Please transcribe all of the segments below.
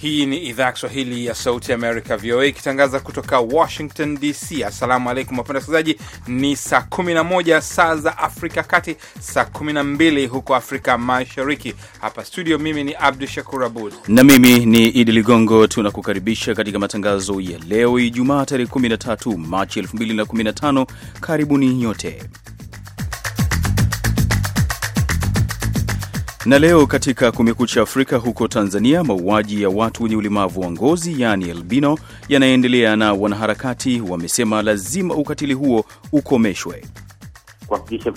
Hii ni idhaa ya Kiswahili ya Sauti Amerika, VOA, ikitangaza kutoka Washington DC. Assalamu alaikum wapenda wasikilizaji, ni saa 11 saa za Afrika Kati, saa 12 huko Afrika Mashariki. Hapa studio, mimi ni Abdu Shakur Abud na mimi ni Idi Ligongo. Tunakukaribisha katika matangazo ya leo Ijumaa, tarehe 13 Machi 2015. Karibuni nyote. Na leo katika Kumekucha Afrika, huko Tanzania, mauaji ya watu wenye ulemavu wa ngozi yaani albino yanaendelea, na wanaharakati wamesema lazima ukatili huo ukomeshwe kuhakikisha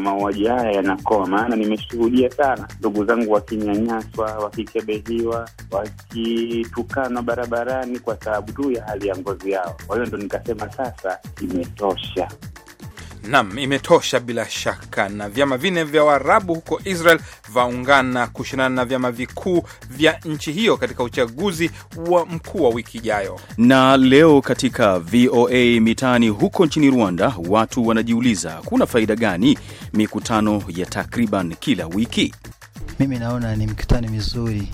mauaji haya yanakoma. Maana nimeshuhudia sana ndugu zangu wakinyanyaswa, wakikebehiwa, wakitukanwa barabarani kwa sababu tu ya hali ya ngozi yao. Kwa hiyo ndo nikasema sasa imetosha. Nam, imetosha bila shaka. Na vyama vinne vya Waarabu huko Israel vaungana kushindana na vyama vikuu vya nchi hiyo katika uchaguzi wa mkuu wa wiki ijayo. Na leo katika VOA Mitaani, huko nchini Rwanda, watu wanajiuliza kuna faida gani mikutano ya takriban kila wiki? Mimi naona ni mkutano mizuri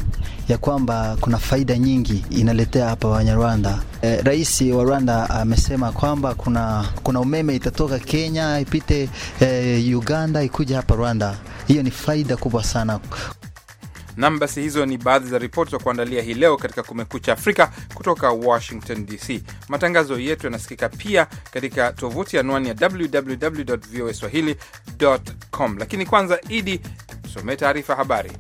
ya kwamba kuna faida nyingi inaletea hapa Wanyarwanda. E, rais wa Rwanda amesema kwamba kuna, kuna umeme itatoka Kenya ipite e, Uganda ikuja hapa Rwanda. Hiyo ni faida kubwa sana. Nam, basi hizo ni baadhi za ripoti za kuandalia hii leo katika Kumekucha Afrika kutoka Washington DC. Matangazo yetu yanasikika pia katika tovuti anwani ya www voa swahili com, lakini kwanza Idi akusomea taarifa habari.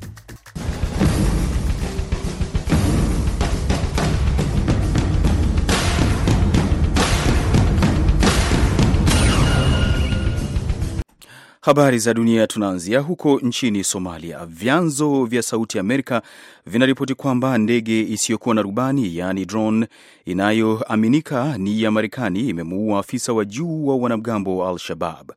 Habari za dunia tunaanzia huko nchini Somalia. Vyanzo vya Sauti Amerika vinaripoti kwamba ndege isiyokuwa na rubani yaani drone inayoaminika ni ya Marekani imemuua afisa wa juu wa wanamgambo wa Al-Shabab.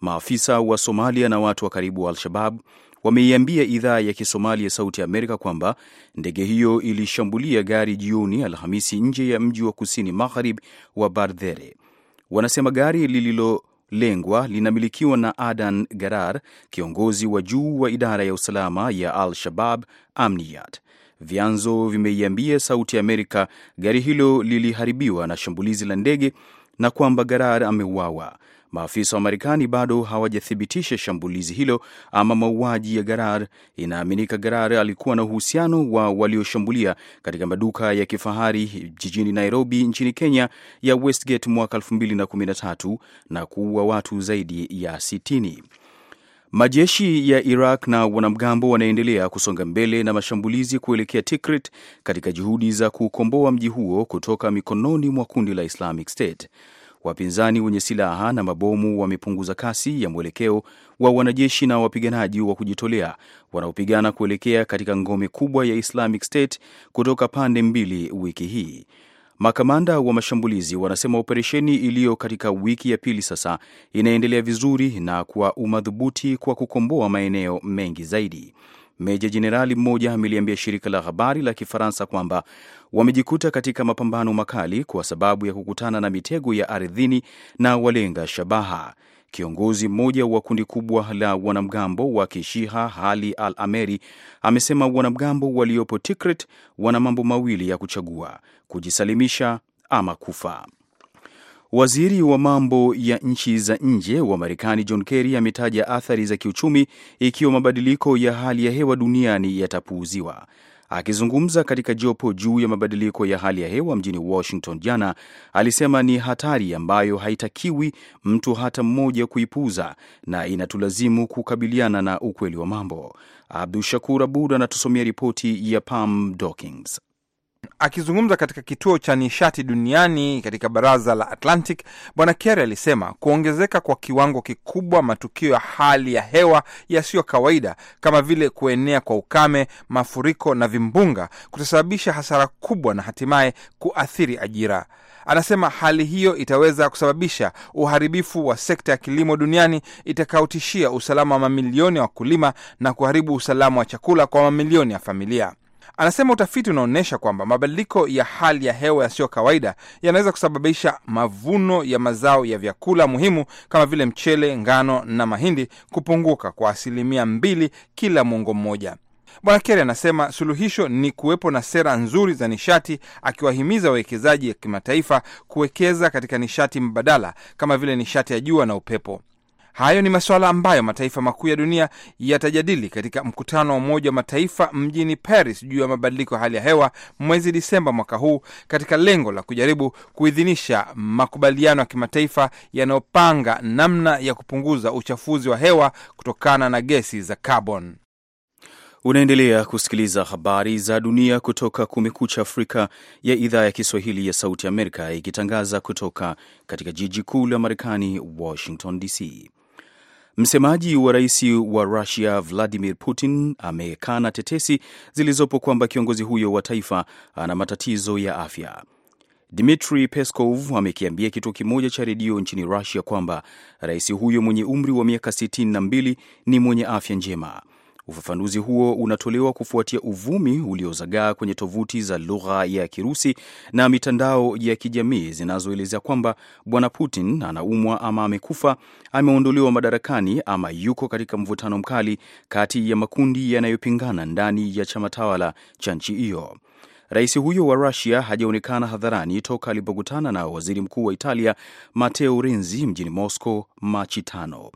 Maafisa wa Somalia na watu wa karibu wa Al-Shabab wameiambia idhaa ya Kisomali ya Sauti ya Amerika kwamba ndege hiyo ilishambulia gari jioni Alhamisi nje ya mji wa kusini magharibi wa Bardhere. Wanasema gari lililolengwa linamilikiwa na Adan Garar, kiongozi wa juu wa idara ya usalama ya Al-Shabab Amniyat. Vyanzo vimeiambia Sauti ya Amerika gari hilo liliharibiwa na shambulizi la ndege na kwamba Garar ameuawa. Maafisa wa Marekani bado hawajathibitisha shambulizi hilo ama mauaji ya Garar. Inaaminika Garar alikuwa na uhusiano wa walioshambulia katika maduka ya kifahari jijini Nairobi nchini Kenya ya Westgate mwaka 2013 na kuua watu zaidi ya 60. Majeshi ya Iraq na wanamgambo wanaendelea kusonga mbele na mashambulizi kuelekea Tikrit katika juhudi za kuukomboa mji huo kutoka mikononi mwa kundi la Islamic State. Wapinzani wenye silaha na mabomu wamepunguza kasi ya mwelekeo wa wanajeshi na wapiganaji wa kujitolea wanaopigana kuelekea katika ngome kubwa ya Islamic State kutoka pande mbili wiki hii. Makamanda wa mashambulizi wanasema operesheni iliyo katika wiki ya pili sasa inaendelea vizuri na kwa umadhubuti kwa kukomboa maeneo mengi zaidi. Meja jenerali mmoja ameliambia shirika la habari la Kifaransa kwamba wamejikuta katika mapambano makali kwa sababu ya kukutana na mitego ya ardhini na walenga shabaha. Kiongozi mmoja wa kundi kubwa la wanamgambo wa Kishiha Hali Al Ameri amesema wanamgambo waliopo Tikrit wana mambo mawili ya kuchagua: kujisalimisha ama kufa. Waziri wa mambo ya nchi za nje wa Marekani John Kerry ametaja athari za kiuchumi ikiwa mabadiliko ya hali ya hewa duniani yatapuuziwa. Akizungumza katika jopo juu ya mabadiliko ya hali ya hewa mjini Washington jana, alisema ni hatari ambayo haitakiwi mtu hata mmoja kuipuuza na inatulazimu kukabiliana na ukweli wa mambo. Abdu Shakur Abud anatusomea ripoti ya Pam Dawkins. Akizungumza katika kituo cha nishati duniani katika baraza la Atlantic, Bwana Kerry alisema kuongezeka kwa kiwango kikubwa matukio ya hali ya hewa yasiyo kawaida kama vile kuenea kwa ukame, mafuriko na vimbunga kutasababisha hasara kubwa na hatimaye kuathiri ajira. Anasema hali hiyo itaweza kusababisha uharibifu wa sekta ya kilimo duniani itakaotishia usalama wa mamilioni ya wakulima na kuharibu usalama wa chakula kwa mamilioni ya familia. Anasema utafiti unaonyesha kwamba mabadiliko ya hali ya hewa yasiyo kawaida yanaweza kusababisha mavuno ya mazao ya vyakula muhimu kama vile mchele, ngano na mahindi kupunguka kwa asilimia mbili kila mwongo mmoja. Bwana Kerry anasema suluhisho ni kuwepo na sera nzuri za nishati, akiwahimiza wawekezaji wa kimataifa kuwekeza katika nishati mbadala kama vile nishati ya jua na upepo. Hayo ni masuala ambayo mataifa makuu ya dunia yatajadili katika mkutano wa Umoja wa Mataifa mjini Paris juu ya mabadiliko ya hali ya hewa mwezi Disemba mwaka huu katika lengo la kujaribu kuidhinisha makubaliano ya kimataifa yanayopanga namna ya kupunguza uchafuzi wa hewa kutokana na gesi za carbon. Unaendelea kusikiliza habari za dunia kutoka Kumekucha Afrika ya idhaa ya Kiswahili ya Sauti Amerika, ikitangaza kutoka katika jiji kuu la Marekani, Washington DC. Msemaji wa rais wa Rusia Vladimir Putin amekana tetesi zilizopo kwamba kiongozi huyo wa taifa ana matatizo ya afya. Dmitri Peskov amekiambia kituo kimoja cha redio nchini Rusia kwamba rais huyo mwenye umri wa miaka 62 ni mwenye afya njema. Ufafanuzi huo unatolewa kufuatia uvumi uliozagaa kwenye tovuti za lugha ya Kirusi na mitandao ya kijamii zinazoelezea kwamba Bwana Putin anaumwa ama amekufa, ameondolewa madarakani ama yuko katika mvutano mkali kati ya makundi yanayopingana ndani ya chama tawala cha nchi hiyo. Rais huyo wa Rusia hajaonekana hadharani toka alipokutana na waziri mkuu wa Italia Matteo Renzi mjini Moscow Machi tano.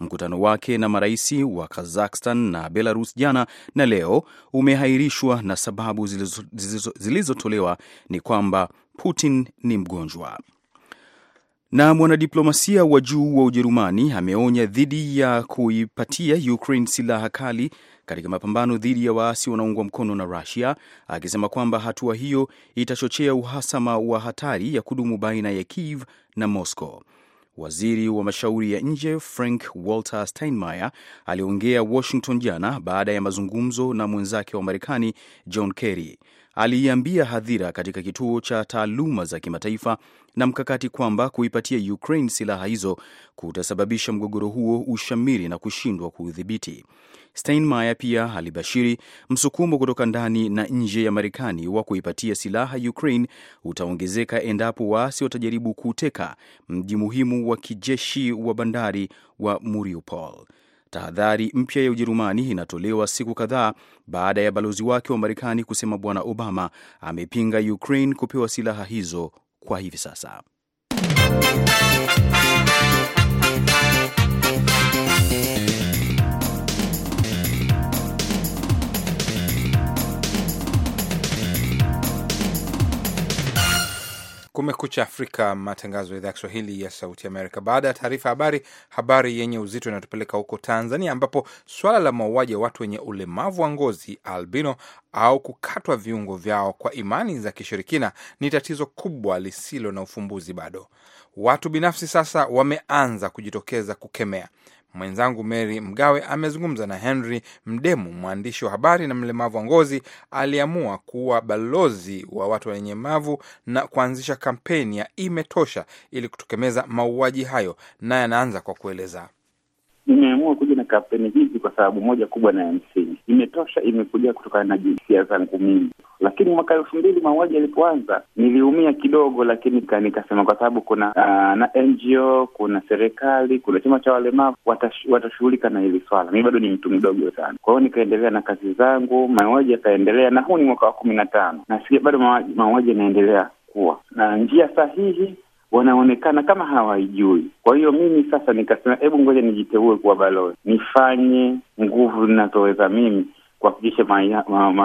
Mkutano wake na marais wa Kazakhstan na Belarus jana na leo umehairishwa na sababu zilizotolewa zilizo, zilizo ni kwamba Putin ni mgonjwa. Na mwanadiplomasia wa juu wa Ujerumani ameonya dhidi ya kuipatia Ukraine silaha kali katika mapambano dhidi ya waasi wanaoungwa mkono na Russia, akisema kwamba hatua hiyo itachochea uhasama wa hatari ya kudumu baina ya Kiev na Moscow. Waziri wa mashauri ya nje Frank Walter Steinmeier aliongea Washington jana baada ya mazungumzo na mwenzake wa Marekani John Kerry aliiambia hadhira katika kituo cha taaluma za kimataifa na mkakati kwamba kuipatia Ukraine silaha hizo kutasababisha mgogoro huo ushamiri na kushindwa kuudhibiti. Steinmeier pia alibashiri msukumo kutoka ndani na nje ya Marekani wa kuipatia silaha Ukraine utaongezeka endapo waasi watajaribu kuteka mji muhimu wa kijeshi wa bandari wa Mariupol. Tahadhari mpya ya Ujerumani inatolewa siku kadhaa baada ya balozi wake wa Marekani kusema Bwana Obama amepinga Ukraine kupewa silaha hizo kwa hivi sasa. Kumekucha Afrika, matangazo ya idhaa ya Kiswahili ya Sauti Amerika. Baada ya taarifa habari, habari yenye uzito inatupeleka huko Tanzania, ambapo swala la mauaji ya watu wenye ulemavu wa ngozi albino, au kukatwa viungo vyao kwa imani za kishirikina ni tatizo kubwa lisilo na ufumbuzi bado. Watu binafsi sasa wameanza kujitokeza kukemea. Mwenzangu Mary Mgawe amezungumza na Henry Mdemu, mwandishi wa habari na mlemavu wa ngozi, aliamua kuwa balozi wa watu mavu na kuanzisha kampeni ya Imetosha ili kutokomeza mauaji hayo, naye anaanza kwa kueleza kufanya kampeni hizi kwa sababu moja kubwa na ya msingi. Imetosha, imekuja kutokana na jinsia zangu mimi. Lakini mwaka elfu mbili mauaji yalipoanza niliumia kidogo, lakini nikasema kwa sababu kuna uh, na NGO, kuna serikali, kuna chama cha walemavu watashughulika na hili swala. Mi bado ni mtu mdogo sana, kwa hiyo nikaendelea na kazi zangu, mauaji yakaendelea, na huu ni mwaka wa kumi na tano na bado mauaji yanaendelea kuwa na njia sahihi wanaonekana kama hawaijui. Kwa hiyo mimi sasa nikasema, hebu ngoja nijiteue kuwa balozi, nifanye nguvu ninazoweza mimi kuhakikisha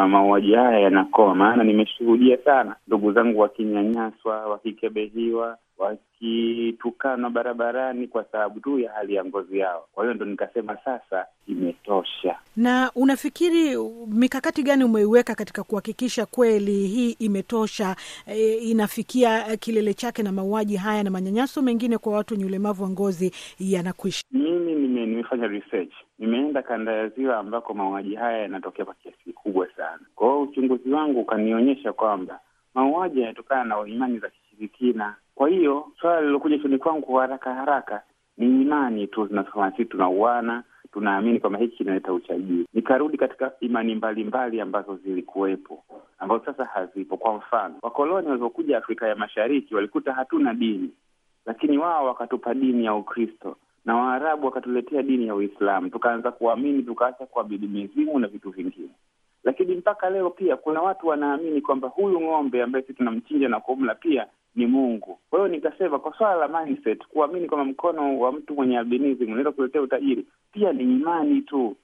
mauaji haya yanakoma, maana nimeshuhudia sana ndugu zangu wakinyanyaswa, wakikebehiwa, wakitukanwa barabarani kwa sababu tu ya hali ya ngozi yao. Kwa hiyo ndo nikasema sasa imetosha. Na unafikiri mikakati gani umeiweka katika kuhakikisha kweli hii imetosha, e, inafikia kilele chake na mauaji haya na manyanyaso mengine kwa watu wenye ulemavu wa ngozi yanakwisha? Mimi nimefanya research Nimeenda kanda ya Ziwa ambako mauaji haya yanatokea kwa kiasi kikubwa sana. Kwa hiyo uchunguzi wangu ukanionyesha kwamba mauaji yanatokana na imani za kishirikina. Kwa hiyo swala lilokuja chuni kwangu kwa haraka haraka ni imani tu zinazofanya sisi tunauana, tunaamini kwamba hiki kinaleta uchajii Nikarudi katika imani mbalimbali mbali ambazo zilikuwepo ambazo sasa hazipo. Kwa mfano, wakoloni walivyokuja Afrika ya Mashariki walikuta hatuna dini, lakini wao wakatupa dini ya Ukristo na Waarabu wakatuletea dini ya Uislamu, tukaanza kuamini, tukaacha kuabidi mizimu na vitu vingine. Lakini mpaka leo pia kuna watu wanaamini kwamba huyu ng'ombe ambaye sisi tunamchinja na kumla pia ni Mungu. Kwa hiyo nikasema kwa swala la mindset, kuamini kwamba mkono wa mtu mwenye albinism unaweza kuletea utajiri pia ni imani tu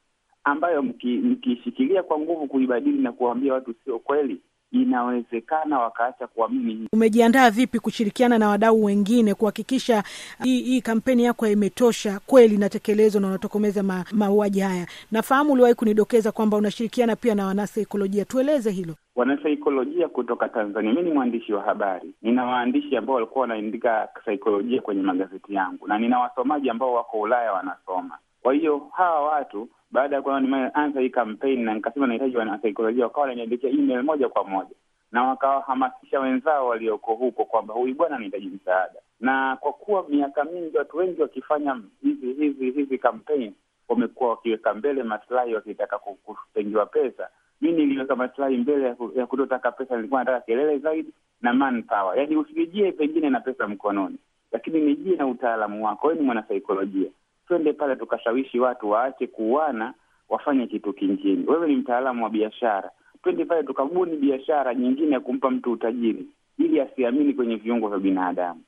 ambayo mkishikilia mki kwa nguvu kuibadili na kuwaambia watu sio kweli, inawezekana wakaacha kuamini. Umejiandaa vipi kushirikiana na wadau wengine kuhakikisha hii hii kampeni yako imetosha kweli inatekelezwa na unatokomeza mauaji haya? Nafahamu uliwahi kunidokeza kwamba unashirikiana pia na wanasaikolojia, tueleze hilo. Wanasaikolojia kutoka Tanzania. Mi ni mwandishi wa habari, nina waandishi ambao walikuwa wanaandika saikolojia kwenye magazeti yangu, na nina wasomaji ambao wako Ulaya wanasoma. Kwa hiyo hawa watu baada ya kuona nimeanza hii kampeni na nikasema nahitaji wanasaikolojia, wakawa wananiandikia email moja kwa moja na wakawahamasisha wenzao walioko huko kwamba huyu bwana anahitaji msaada. Na kwa kuwa miaka mingi watu wengi wakifanya hizi hizi hizi kampeni wamekuwa wakiweka mbele masilahi, wakitaka kutengiwa pesa. Mi niliweka masilahi mbele ya kutotaka pesa, nilikuwa nataka kelele zaidi na manpower, yaani usijie pengine na pesa mkononi, lakini nijie na utaalamu wako, wewe ni mwanasaikolojia twende pale tukashawishi watu waache kuuana, wafanye kitu kingine. Wewe ni mtaalamu wa biashara, twende pale tukabuni biashara nyingine ya kumpa mtu utajiri ili asiamini kwenye viungo vya binadamu.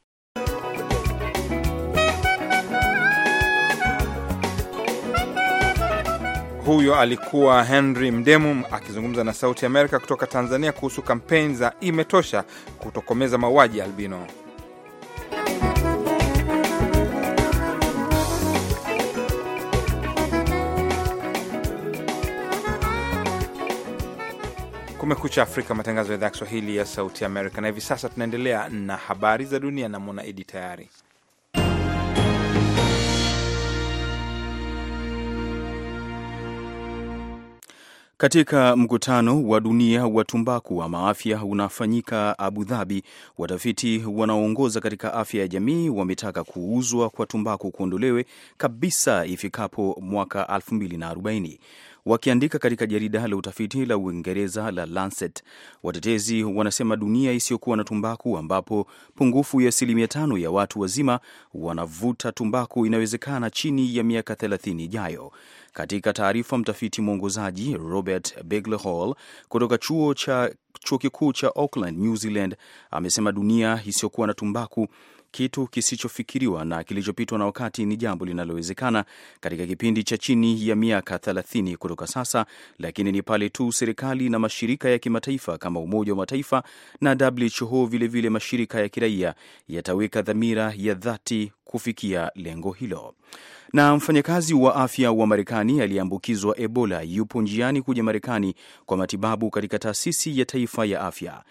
Huyo alikuwa Henry Mdemu akizungumza na Sauti Amerika kutoka Tanzania kuhusu kampeni za Imetosha kutokomeza mauaji ya albino. Kumekucha Afrika, matangazo ya idhaa ya Kiswahili ya Sauti Amerika. Na hivi sasa tunaendelea na habari za dunia na Mwana Idi tayari. Katika mkutano wa dunia wa tumbaku wa maafya unafanyika Abu Dhabi, watafiti wanaoongoza katika afya ya jamii wametaka kuuzwa kwa tumbaku kuondolewe kabisa ifikapo mwaka 2040. Wakiandika katika jarida la utafiti la Uingereza la Lancet, watetezi wanasema dunia isiyokuwa na tumbaku, ambapo pungufu ya asilimia tano ya watu wazima wanavuta tumbaku, inawezekana chini ya miaka 30 ijayo. Katika taarifa, mtafiti mwongozaji Robert Begley Hall kutoka chuo cha chuo kikuu cha Auckland, New Zealand, amesema dunia isiyokuwa na tumbaku kitu kisichofikiriwa na kilichopitwa na wakati ni jambo linalowezekana katika kipindi cha chini ya miaka 30 kutoka sasa, lakini ni pale tu serikali na mashirika ya kimataifa kama Umoja wa Mataifa na WHO, vilevile vile mashirika ya kiraia yataweka dhamira ya dhati kufikia lengo hilo. Na mfanyakazi wa afya wa Marekani aliyeambukizwa Ebola yupo njiani kuja Marekani kwa matibabu katika taasisi ya taifa ya afya.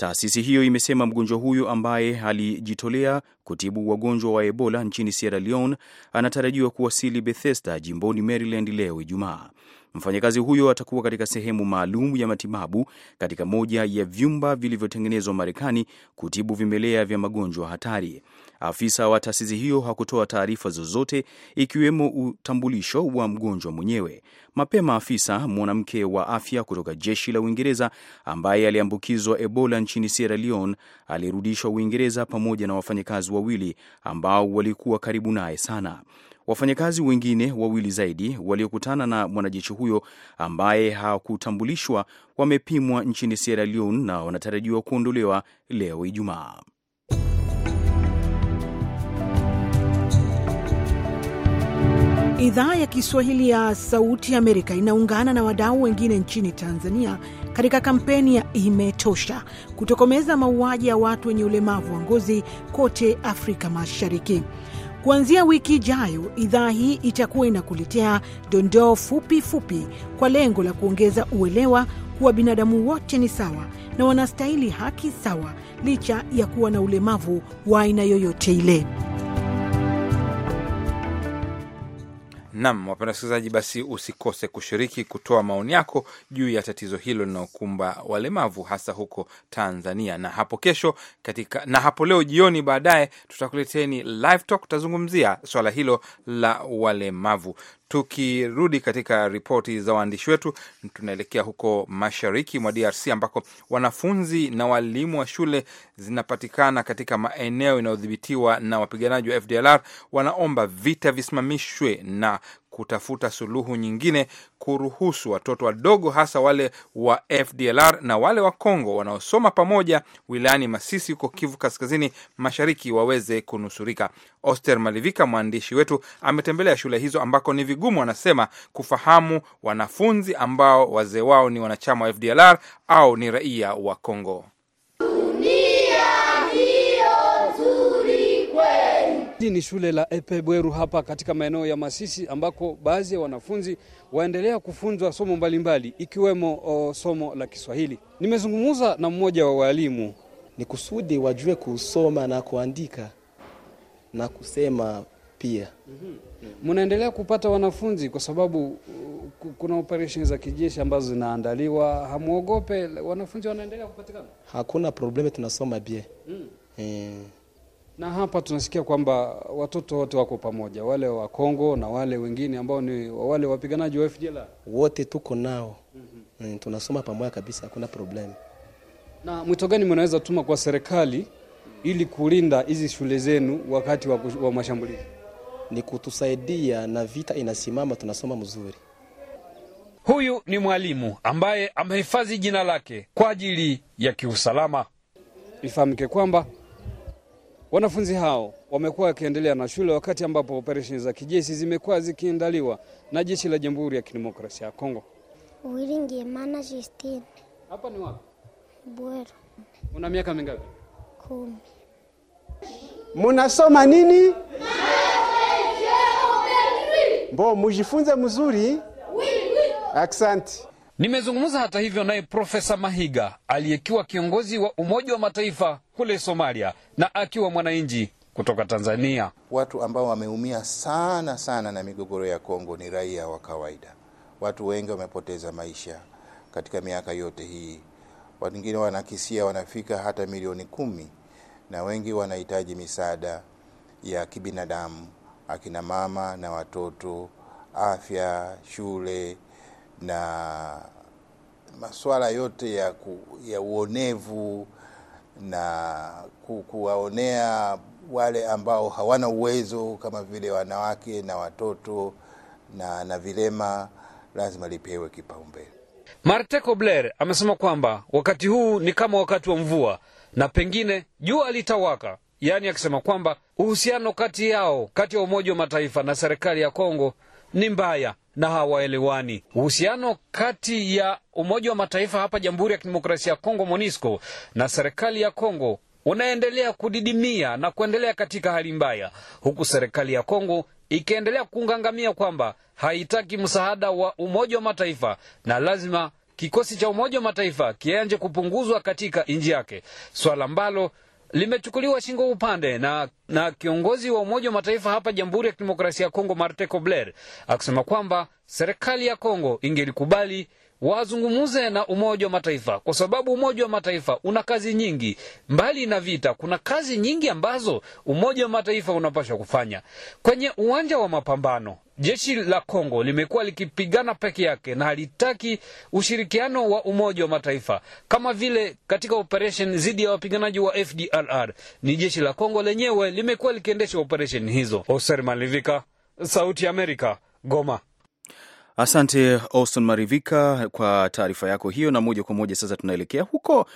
Taasisi hiyo imesema mgonjwa huyo ambaye alijitolea kutibu wagonjwa wa Ebola nchini Sierra Leone anatarajiwa kuwasili Bethesda, jimboni Maryland leo Ijumaa. Mfanyakazi huyo atakuwa katika sehemu maalum ya matibabu katika moja ya vyumba vilivyotengenezwa Marekani kutibu vimelea vya magonjwa hatari. Afisa wa taasisi hiyo hakutoa taarifa zozote ikiwemo utambulisho wa mgonjwa mwenyewe. Mapema afisa mwanamke wa afya kutoka jeshi la Uingereza ambaye aliambukizwa Ebola nchini Sierra Leone alirudishwa Uingereza pamoja na wafanyakazi wawili ambao walikuwa karibu naye sana. Wafanyakazi wengine wawili zaidi waliokutana na mwanajeshi huyo ambaye hakutambulishwa wamepimwa nchini Sierra Leone na wanatarajiwa kuondolewa leo Ijumaa. Idhaa ya Kiswahili ya Sauti Amerika inaungana na wadau wengine nchini Tanzania katika kampeni ya Imetosha kutokomeza mauaji ya watu wenye ulemavu wa ngozi kote Afrika Mashariki. Kuanzia wiki ijayo, idhaa hii itakuwa inakuletea dondoo fupi fupi kwa lengo la kuongeza uelewa kuwa binadamu wote ni sawa na wanastahili haki sawa licha ya kuwa na ulemavu wa aina yoyote ile. Nam, wapenda wasikilizaji, basi usikose kushiriki kutoa maoni yako juu ya tatizo hilo linaokumba walemavu hasa huko Tanzania. Na hapo kesho katika, na hapo leo jioni baadaye tutakuleteni live talk, tutazungumzia swala hilo la walemavu. Tukirudi katika ripoti za waandishi wetu, tunaelekea huko mashariki mwa DRC ambako wanafunzi na walimu wa shule zinapatikana katika maeneo yanayodhibitiwa na wapiganaji wa FDLR wanaomba vita visimamishwe na kutafuta suluhu nyingine kuruhusu watoto wadogo hasa wale wa FDLR na wale wa Kongo wanaosoma pamoja wilayani Masisi huko Kivu Kaskazini Mashariki waweze kunusurika. Oster Malivika, mwandishi wetu, ametembelea shule hizo ambako ni vigumu, anasema, kufahamu wanafunzi ambao wazee wao ni wanachama wa FDLR au ni raia wa Kongo. Hii ni shule la Epe Bweru hapa katika maeneo ya Masisi ambako baadhi ya wanafunzi waendelea kufunzwa somo mbalimbali mbali, ikiwemo o, somo la Kiswahili. Nimezungumza na mmoja wa walimu. Ni kusudi wajue kusoma na kuandika na kusema pia. Mm-hmm. Mnaendelea kupata wanafunzi kwa sababu uh, kuna operesheni za kijeshi ambazo zinaandaliwa, hamwogope? Wanafunzi wanaendelea kupatikana, hakuna probleme, tunasoma bie mm. Eh na hapa tunasikia kwamba watoto wote wako pamoja, wale wa Kongo na wale wengine ambao ni wale wapiganaji wa FDLR wote tuko nao. mm -hmm. Tunasoma pamoja kabisa, hakuna problem. Na mwito gani mnaweza tuma kwa serikali ili kulinda hizi shule zenu wakati wa, wa mashambulizi? Ni kutusaidia na vita inasimama, tunasoma mzuri. Huyu ni mwalimu ambaye amehifadhi jina lake kwa ajili ya kiusalama. Ifahamike kwamba Wanafunzi hao wamekuwa wakiendelea na shule wakati ambapo operesheni za kijeshi zimekuwa zikiandaliwa na jeshi la Jamhuri ya Kidemokrasia ya Kongo. Uwilingiemana Justine. Hapa ni wapi? Bwero. Una miaka mingapi? Kumi. Munasoma nini? Mbo mujifunze mzuri. Oui, oui. Aksanti. Nimezungumza hata hivyo naye Profesa Mahiga aliyekiwa kiongozi wa Umoja wa Mataifa kule Somalia na akiwa mwananchi kutoka Tanzania. Watu ambao wameumia sana sana na migogoro ya Kongo ni raia wa kawaida. Watu wengi wamepoteza maisha katika miaka yote hii, wengine wanakisia wanafika hata milioni kumi, na wengi wanahitaji misaada ya kibinadamu, akina mama na watoto, afya, shule na masuala yote ya, ku, ya uonevu na ku, kuwaonea wale ambao hawana uwezo kama vile wanawake na watoto na, na vilema lazima lipewe kipaumbele. Marte Kobler amesema kwamba wakati huu ni kama wakati wa mvua na pengine jua litawaka, yaani akisema kwamba uhusiano kati yao kati ya Umoja wa Mataifa na serikali ya Kongo ni mbaya na hawaelewani. Uhusiano kati ya Umoja wa Mataifa hapa Jamhuri ya Kidemokrasia ya Kongo, MONUSCO, na serikali ya Kongo unaendelea kudidimia na kuendelea katika hali mbaya, huku serikali ya Kongo ikiendelea kungangamia kwamba haitaki msaada wa Umoja wa Mataifa na lazima kikosi cha Umoja wa Mataifa kianje kupunguzwa katika nchi yake, swala ambalo limechukuliwa shingo upande na, na kiongozi wa Umoja wa Mataifa hapa Jamhuri ya Kidemokrasia ya Kongo Marte Kobler akisema kwamba serikali ya Kongo ingelikubali wazungumuze na Umoja wa Mataifa kwa sababu Umoja wa Mataifa una kazi nyingi. Mbali na vita, kuna kazi nyingi ambazo Umoja wa Mataifa unapaswa kufanya kwenye uwanja wa mapambano jeshi la Kongo limekuwa likipigana peke yake na halitaki ushirikiano wa Umoja wa Mataifa, kama vile katika operation dhidi ya wapiganaji wa FDLR. Ni jeshi la Kongo lenyewe limekuwa likiendesha operation hizo. Oser Malivika, Sauti ya Amerika, Goma. Asante Austin Marivika kwa taarifa yako hiyo, na moja kwa moja sasa tunaelekea huko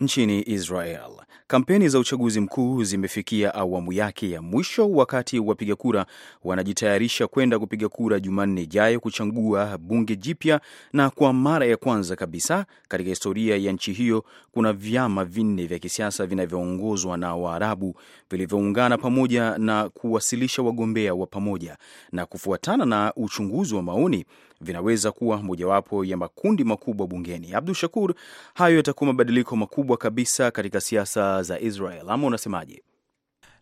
Nchini Israel kampeni za uchaguzi mkuu zimefikia awamu yake ya mwisho, wakati wapiga kura wanajitayarisha kwenda kupiga kura Jumanne ijayo kuchagua bunge jipya. Na kwa mara ya kwanza kabisa katika historia ya nchi hiyo kuna vyama vinne vya kisiasa vinavyoongozwa na Waarabu vilivyoungana pamoja na kuwasilisha wagombea wa pamoja. Na kufuatana na uchunguzi wa maoni, vinaweza kuwa mojawapo ya makundi makubwa bungeni. Abdu Shakur, hayo yatakuwa mabadiliko makubwa kabisa katika siasa za Israel, ama unasemaje?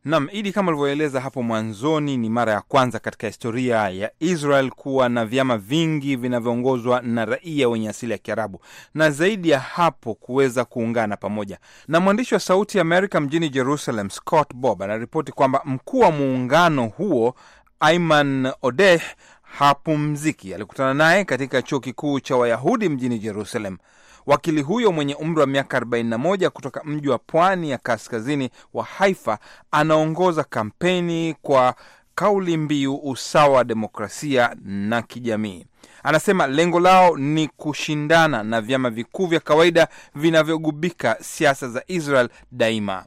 Nam Idi, kama alivyoeleza hapo mwanzoni, ni mara ya kwanza katika historia ya Israel kuwa na vyama vingi vinavyoongozwa na raia wenye asili ya Kiarabu na zaidi ya hapo kuweza kuungana pamoja. Na mwandishi wa Sauti ya Amerika mjini Jerusalem, Scott Bob, anaripoti kwamba mkuu wa muungano huo Aiman Odeh hapumziki. Alikutana naye katika chuo kikuu cha Wayahudi mjini Jerusalem. Wakili huyo mwenye umri wa miaka 41 kutoka mji wa pwani ya kaskazini wa Haifa anaongoza kampeni kwa kauli mbiu usawa, demokrasia na kijamii. Anasema lengo lao ni kushindana na vyama vikuu vya kawaida vinavyogubika siasa za Israel daima.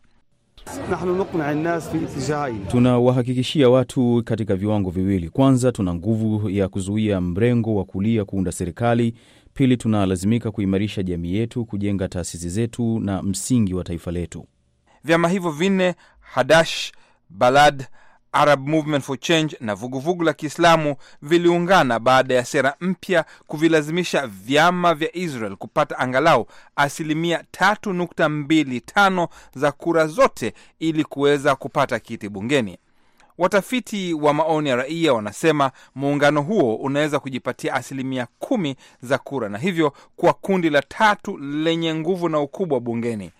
Tunawahakikishia watu katika viwango viwili. Kwanza, tuna nguvu ya kuzuia mrengo wa kulia kuunda serikali. Pili, tunalazimika kuimarisha jamii yetu, kujenga taasisi zetu na msingi wa taifa letu. Vyama hivyo vinne Hadash, Balad, Arab Movement for Change na vuguvugu vugu la Kiislamu viliungana baada ya sera mpya kuvilazimisha vyama vya Israel kupata angalau asilimia 3.25 za kura zote ili kuweza kupata kiti bungeni. Watafiti wa maoni ya raia wanasema muungano huo unaweza kujipatia asilimia kumi za kura na hivyo kuwa kundi la tatu lenye nguvu na ukubwa bungeni.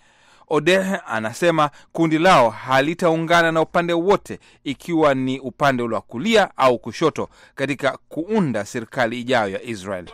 Odeh anasema kundi lao halitaungana na upande wote, ikiwa ni upande ule wa kulia au kushoto, katika kuunda serikali ijayo ya Israel.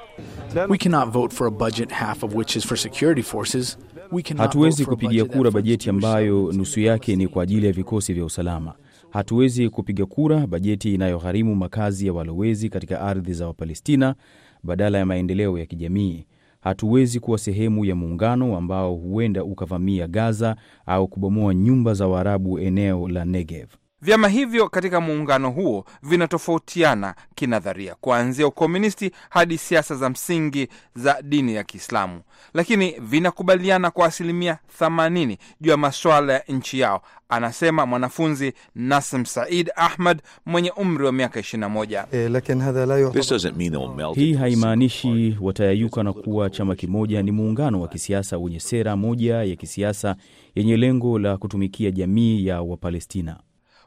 Hatuwezi kupigia kura bajeti ambayo nusu yake ni kwa ajili ya vikosi vya usalama. Hatuwezi kupiga kura bajeti inayogharimu makazi ya walowezi katika ardhi za Wapalestina badala ya maendeleo ya kijamii. Hatuwezi kuwa sehemu ya muungano ambao huenda ukavamia Gaza au kubomoa nyumba za Waarabu eneo la Negev. Vyama hivyo katika muungano huo vinatofautiana kinadharia, kuanzia ukomunisti hadi siasa za msingi za dini ya Kiislamu, lakini vinakubaliana kwa asilimia 80 juu ya masuala ya nchi yao, anasema mwanafunzi Nasim Said Ahmad mwenye umri wa miaka 21. Eh, Hii haimaanishi watayayuka na kuwa chama kimoja. Ni muungano wa kisiasa wenye sera moja ya kisiasa yenye lengo la kutumikia jamii ya Wapalestina.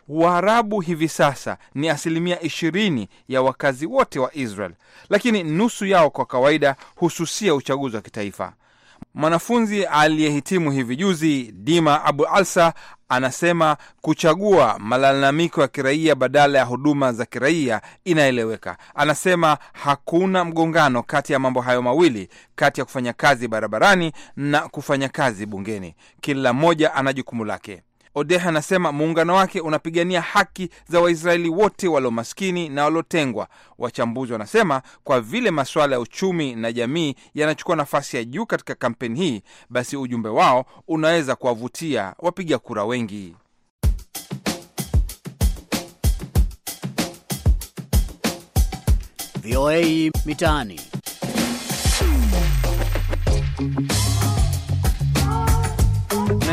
Waarabu hivi sasa ni asilimia ishirini ya wakazi wote wa Israel, lakini nusu yao kwa kawaida hususia uchaguzi wa kitaifa. Mwanafunzi aliyehitimu hivi juzi Dima Abu Alsa anasema kuchagua malalamiko ya kiraia badala ya huduma za kiraia inaeleweka. Anasema hakuna mgongano kati ya mambo hayo mawili, kati ya kufanya kazi barabarani na kufanya kazi bungeni. Kila mmoja ana jukumu lake. Odeh anasema muungano wake unapigania haki za Waisraeli wote walio maskini na waliotengwa. Wachambuzi wanasema kwa vile masuala ya uchumi na jamii yanachukua nafasi ya juu katika kampeni hii, basi ujumbe wao unaweza kuwavutia wapiga kura wengi. VOA Mitaani.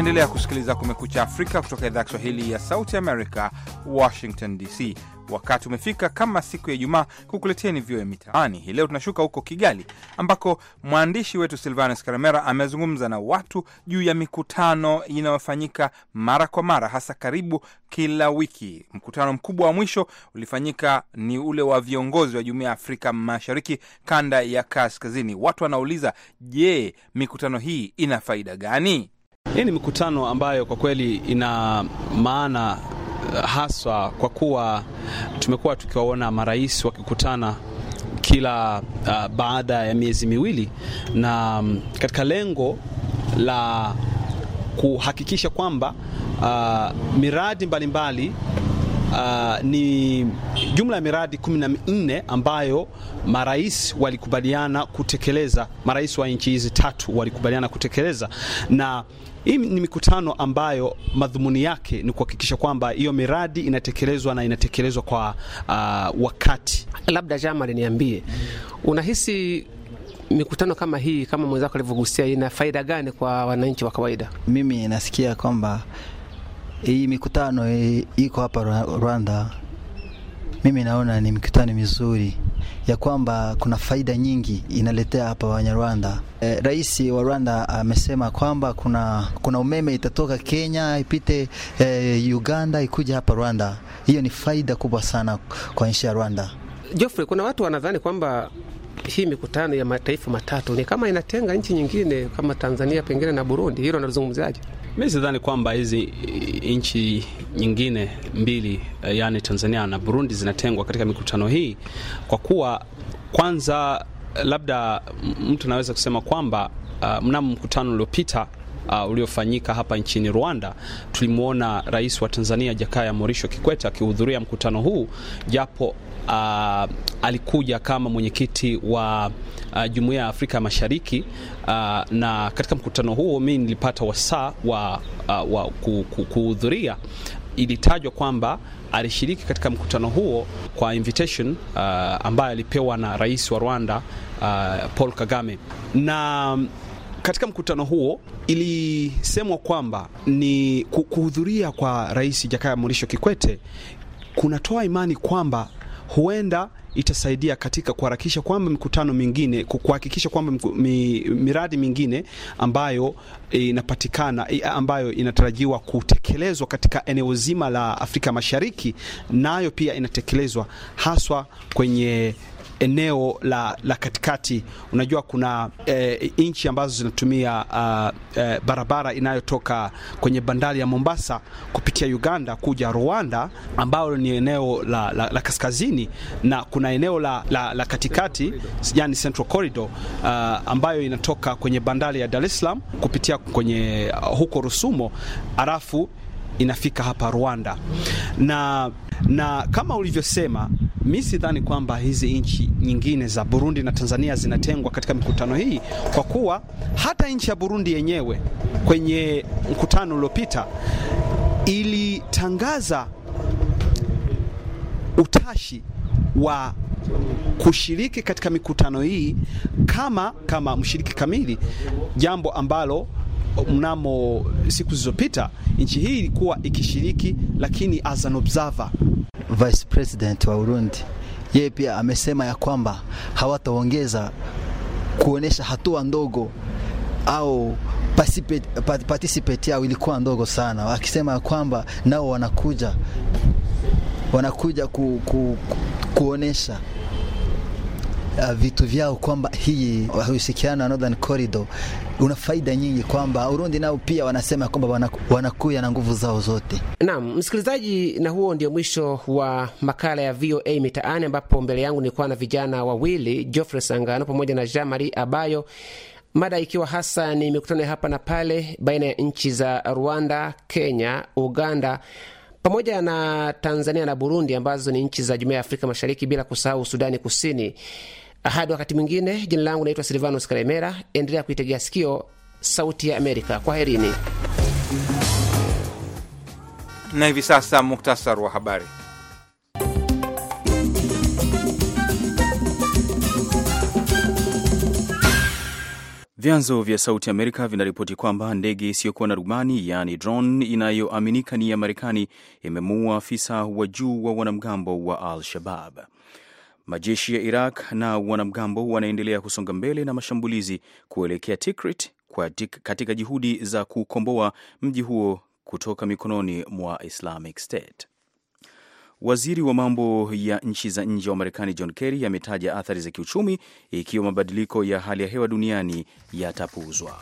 Unaendelea kusikiliza Kumekucha Afrika kutoka idhaa ya Kiswahili ya Sauti Amerika, Washington DC. Wakati umefika kama siku ya Ijumaa kukuleteni vyoe mitaani. Hii leo tunashuka huko Kigali, ambako mwandishi wetu Silvanus Karamera amezungumza na watu juu ya mikutano inayofanyika mara kwa mara, hasa karibu kila wiki. Mkutano mkubwa wa mwisho ulifanyika ni ule wa viongozi wa Jumuiya ya Afrika Mashariki, kanda ya kaskazini. Watu wanauliza, je, mikutano hii ina faida gani? Hii ni mikutano ambayo kwa kweli ina maana eh, haswa kwa kuwa tumekuwa tukiwaona marais wakikutana kila uh, baada ya miezi miwili na um, katika lengo la kuhakikisha kwamba uh, miradi mbalimbali mbali, uh, ni jumla ya miradi 14 ambayo marais walikubaliana kutekeleza, marais wa nchi hizi tatu walikubaliana kutekeleza na hii ni mikutano ambayo madhumuni yake ni kuhakikisha kwamba hiyo miradi inatekelezwa na inatekelezwa kwa uh, wakati. Labda Jamal, niambie, unahisi mikutano kama hii kama mwenzako alivyogusia ina faida gani kwa wananchi wa kawaida? Mimi nasikia kwamba hii mikutano eh, iko hapa Rwanda, mimi naona ni mikutano mizuri ya kwamba kuna faida nyingi inaletea hapa Wanyarwanda. E, rais wa Rwanda amesema kwamba kuna, kuna umeme itatoka Kenya ipite e, Uganda ikuja hapa Rwanda. Hiyo ni faida kubwa sana kwa nchi ya Rwanda. Geoffrey, kuna watu wanadhani kwamba hii mikutano ya mataifa matatu ni kama inatenga nchi nyingine kama Tanzania pengine na Burundi. Hilo nalizungumziaje? Mi sidhani kwamba hizi eh, nchi nyingine mbili, eh, yani Tanzania na Burundi, zinatengwa katika mikutano hii, kwa kuwa kwanza, eh, labda mtu anaweza kusema kwamba uh, mnamo mkutano uliopita uh, uliofanyika hapa nchini Rwanda, tulimwona rais wa Tanzania Jakaya Morisho Kikwete akihudhuria mkutano huu japo Uh, alikuja kama mwenyekiti wa uh, Jumuiya ya Afrika Mashariki uh, na katika mkutano huo mimi nilipata wasaa wa, uh, wa kuhudhuria. Ilitajwa kwamba alishiriki katika mkutano huo kwa invitation uh, ambayo alipewa na rais wa Rwanda uh, Paul Kagame na um, katika mkutano huo ilisemwa kwamba ni kuhudhuria kwa Rais Jakaya Mrisho Kikwete kunatoa imani kwamba huenda itasaidia katika kuharakisha kwamba mikutano mingine, kuhakikisha kwamba mi, miradi mingine ambayo inapatikana e, ambayo inatarajiwa kutekelezwa katika eneo zima la Afrika Mashariki nayo na pia inatekelezwa haswa kwenye eneo la, la katikati. Unajua kuna eh, nchi ambazo zinatumia uh, eh, barabara inayotoka kwenye bandari ya Mombasa kupitia Uganda kuja Rwanda, ambayo ni eneo la, la, la kaskazini, na kuna eneo la, la, la katikati Central yani Central Corridor uh, ambayo inatoka kwenye bandari ya Dar es Salaam kupitia kwenye uh, huko Rusumo alafu inafika hapa Rwanda na, na kama ulivyosema Mi sidhani kwamba hizi nchi nyingine za Burundi na Tanzania zinatengwa katika mikutano hii, kwa kuwa hata nchi ya Burundi yenyewe kwenye mkutano uliopita ilitangaza utashi wa kushiriki katika mikutano hii kama kama mshiriki kamili, jambo ambalo mnamo siku zilizopita nchi hii ilikuwa ikishiriki, lakini as an observer Vice President wa Burundi, yeye pia amesema ya kwamba hawataongeza kuonesha hatua ndogo au participate yao ilikuwa ndogo sana, akisema ya kwamba nao wanakuja wanakuja ku, ku, ku, kuonesha uh, vitu vyao kwamba hii uhusiano wa Northern Corridor una faida nyingi, kwamba Urundi nao pia wanasema kwamba wanaku, wanakuya na nguvu zao zote. Naam msikilizaji, na huo ndio mwisho wa makala ya VOA Mitaani, ambapo mbele yangu nilikuwa na vijana wawili Geoffrey Sangano pamoja na Jean Marie Abayo mada ikiwa hasa ni mikutano ya hapa na pale baina ya nchi za Rwanda, Kenya, Uganda pamoja na Tanzania na Burundi ambazo ni nchi za Jumuiya ya Afrika Mashariki, bila kusahau Sudani Kusini. Hadi wakati mwingine, jina langu naitwa Silvanus Karemera. Endelea kuitegea sikio Sauti ya Amerika. kwa herini Na hivi sasa muktasar wa habari. Vyanzo vya Sauti Amerika vinaripoti kwamba ndege isiyokuwa na rubani yaani dron inayoaminika ni ya Marekani imemuua afisa wa juu wa wanamgambo wa Al Shabab. Majeshi ya Iraq na wanamgambo wanaendelea kusonga mbele na mashambulizi kuelekea Tikrit kwa tik, katika juhudi za kukomboa mji huo kutoka mikononi mwa Islamic State. Waziri wa mambo ya nchi za nje wa Marekani John Kerry ametaja athari za kiuchumi ikiwa mabadiliko ya hali ya hewa duniani yatapuuzwa.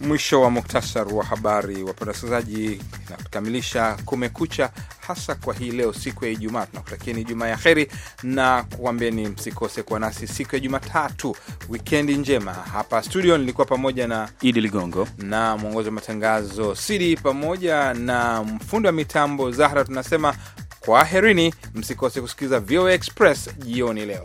Mwisho wa muktasar wa habari, wapenda wasikilizaji, na kukamilisha Kumekucha hasa kwa hii leo, siku ya Ijumaa. Tunakutakieni Ijumaa ya heri na kuambeni msikose kuwa nasi siku ya Jumatatu. Wikendi njema. Hapa studio nilikuwa pamoja na Idi Ligongo na mwongozi wa matangazo Sidi pamoja na mfundi wa mitambo Zahra. Tunasema kwaherini, msikose kusikiliza VOA Express jioni leo.